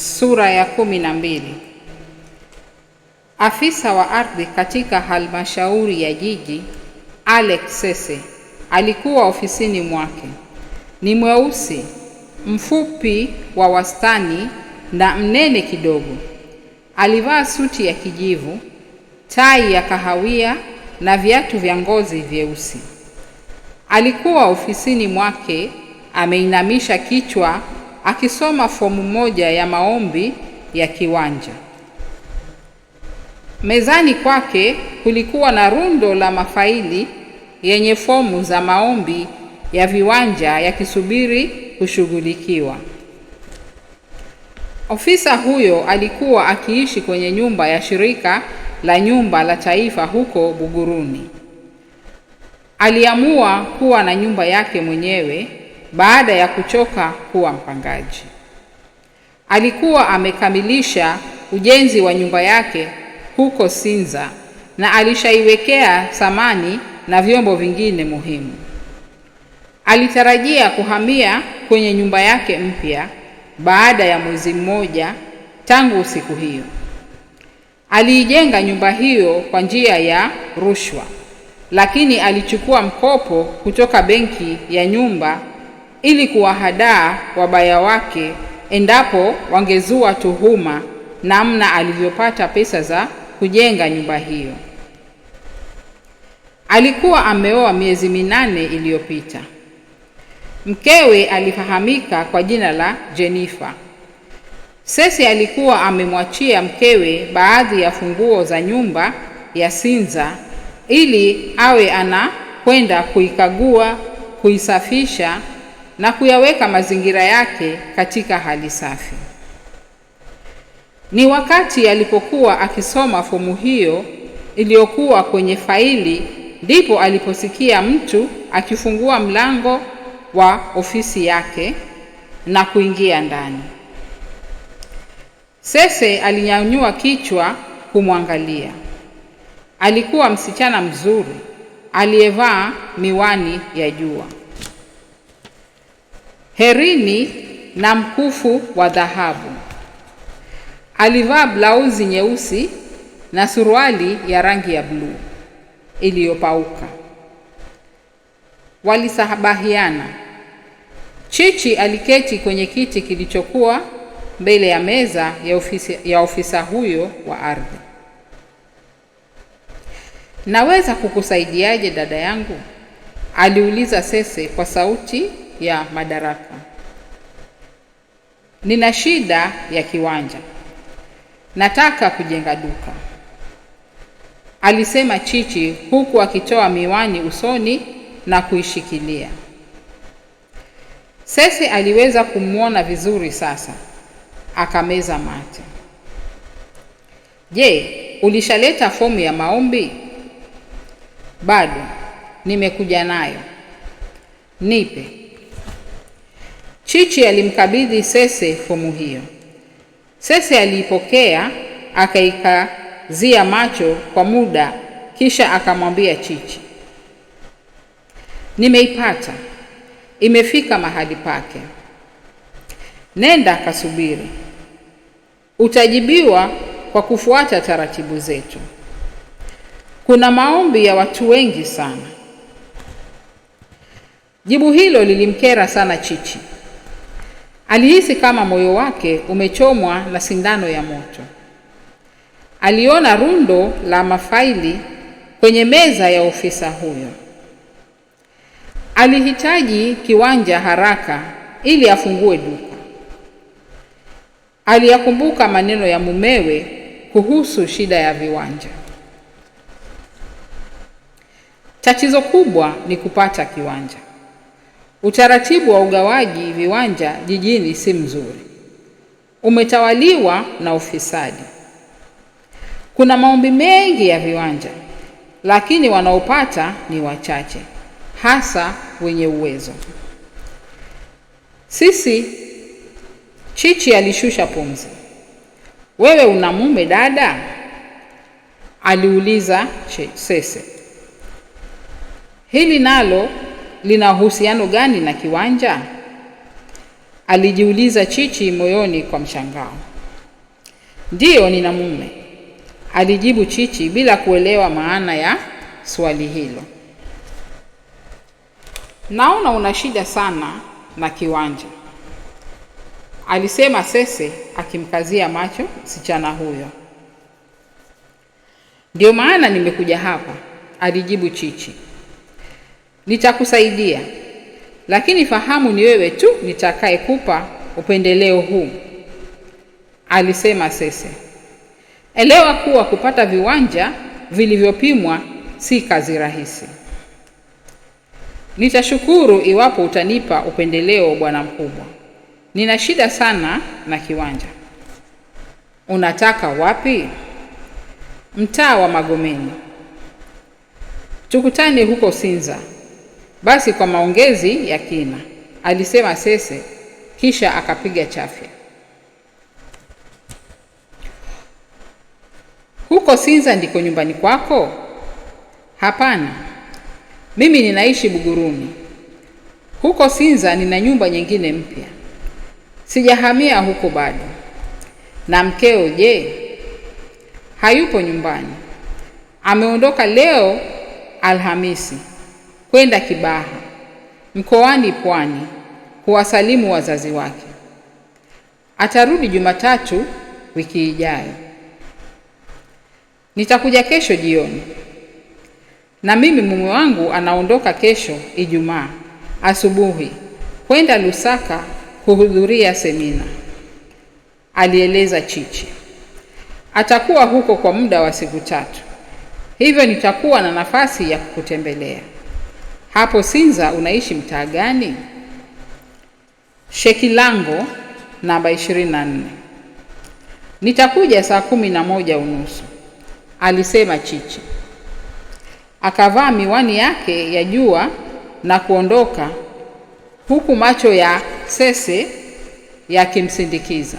Sura ya kumi na mbili. Afisa wa ardhi katika halmashauri ya jiji Alex Sese alikuwa ofisini mwake. Ni mweusi, mfupi wa wastani na mnene kidogo. Alivaa suti ya kijivu, tai ya kahawia na viatu vya ngozi vyeusi. Alikuwa ofisini mwake ameinamisha kichwa akisoma fomu moja ya maombi ya kiwanja. Mezani kwake kulikuwa na rundo la mafaili yenye fomu za maombi ya viwanja yakisubiri kushughulikiwa. Ofisa huyo alikuwa akiishi kwenye nyumba ya shirika la nyumba la taifa huko Buguruni. Aliamua kuwa na nyumba yake mwenyewe baada ya kuchoka kuwa mpangaji. Alikuwa amekamilisha ujenzi wa nyumba yake huko Sinza na alishaiwekea samani na vyombo vingine muhimu. Alitarajia kuhamia kwenye nyumba yake mpya baada ya mwezi mmoja tangu siku hiyo. Aliijenga nyumba hiyo kwa njia ya rushwa, lakini alichukua mkopo kutoka benki ya nyumba ili kuwahadaa wabaya wake endapo wangezua tuhuma namna alivyopata pesa za kujenga nyumba hiyo. Alikuwa ameoa miezi minane iliyopita. Mkewe alifahamika kwa jina la Jenifa. Sesi alikuwa amemwachia mkewe baadhi ya funguo za nyumba ya Sinza ili awe anakwenda kuikagua, kuisafisha na kuyaweka mazingira yake katika hali safi. Ni wakati alipokuwa akisoma fomu hiyo iliyokuwa kwenye faili ndipo aliposikia mtu akifungua mlango wa ofisi yake na kuingia ndani. Sese alinyanyua kichwa kumwangalia. Alikuwa msichana mzuri aliyevaa miwani ya jua herini na mkufu wa dhahabu. Alivaa blauzi nyeusi na suruali ya rangi ya bluu iliyopauka. Walisahabahiana. Chichi aliketi kwenye kiti kilichokuwa mbele ya meza ya ofisi, ya ofisa huyo wa ardhi. Naweza kukusaidiaje dada yangu? aliuliza Sese kwa sauti ya madaraka. Nina shida ya kiwanja, nataka kujenga duka, alisema Chichi huku akitoa miwani usoni na kuishikilia. Sese aliweza kumwona vizuri sasa, akameza mate. Je, ulishaleta fomu ya maombi? Bado, nimekuja nayo. Nipe. Chichi alimkabidhi Sese fomu hiyo. Sese aliipokea akaikazia macho kwa muda, kisha akamwambia Chichi, nimeipata, imefika mahali pake, nenda kasubiri, utajibiwa kwa kufuata taratibu zetu. Kuna maombi ya watu wengi sana. Jibu hilo lilimkera sana Chichi. Alihisi kama moyo wake umechomwa na sindano ya moto. Aliona rundo la mafaili kwenye meza ya ofisa huyo. Alihitaji kiwanja haraka ili afungue duka. Aliyakumbuka maneno ya mumewe kuhusu shida ya viwanja. Tatizo kubwa ni kupata kiwanja. Utaratibu wa ugawaji viwanja jijini si mzuri, umetawaliwa na ufisadi. Kuna maombi mengi ya viwanja, lakini wanaopata ni wachache, hasa wenye uwezo. Sisi Chichi alishusha pumzi. Wewe una mume dada? aliuliza Sese. Hili nalo lina uhusiano gani na kiwanja? alijiuliza Chichi moyoni kwa mshangao. Ndiyo, nina mume, alijibu Chichi bila kuelewa maana ya swali hilo. Naona una shida sana na kiwanja, alisema Sese akimkazia macho msichana huyo. Ndio maana nimekuja hapa, alijibu Chichi nitakusaidia, lakini fahamu ni wewe tu nitakayekupa upendeleo huu, alisema Sese. Elewa kuwa kupata viwanja vilivyopimwa si kazi rahisi. Nitashukuru iwapo utanipa upendeleo, bwana mkubwa. Nina shida sana na kiwanja. Unataka wapi? Mtaa wa Magomeni. Tukutane huko Sinza. Basi kwa maongezi ya kina alisema Sese, kisha akapiga chafya. Huko Sinza ndiko nyumbani kwako? Hapana, mimi ninaishi Buguruni. Huko Sinza nina nyumba nyingine mpya, sijahamia huko bado. Na mkeo je? Hayupo nyumbani, ameondoka leo Alhamisi kwenda Kibaha mkoani Pwani kuwasalimu wazazi wake. Atarudi Jumatatu wiki ijayo. Nitakuja kesho jioni, na mimi mume wangu anaondoka kesho Ijumaa asubuhi kwenda Lusaka kuhudhuria semina, alieleza Chichi. Atakuwa huko kwa muda wa siku tatu, hivyo nitakuwa na nafasi ya kukutembelea hapo Sinza unaishi mtaa gani? Shekilango namba 24, nitakuja saa kumi na moja unusu, alisema Chichi. Akavaa miwani yake ya jua na kuondoka huku macho ya Sese yakimsindikiza.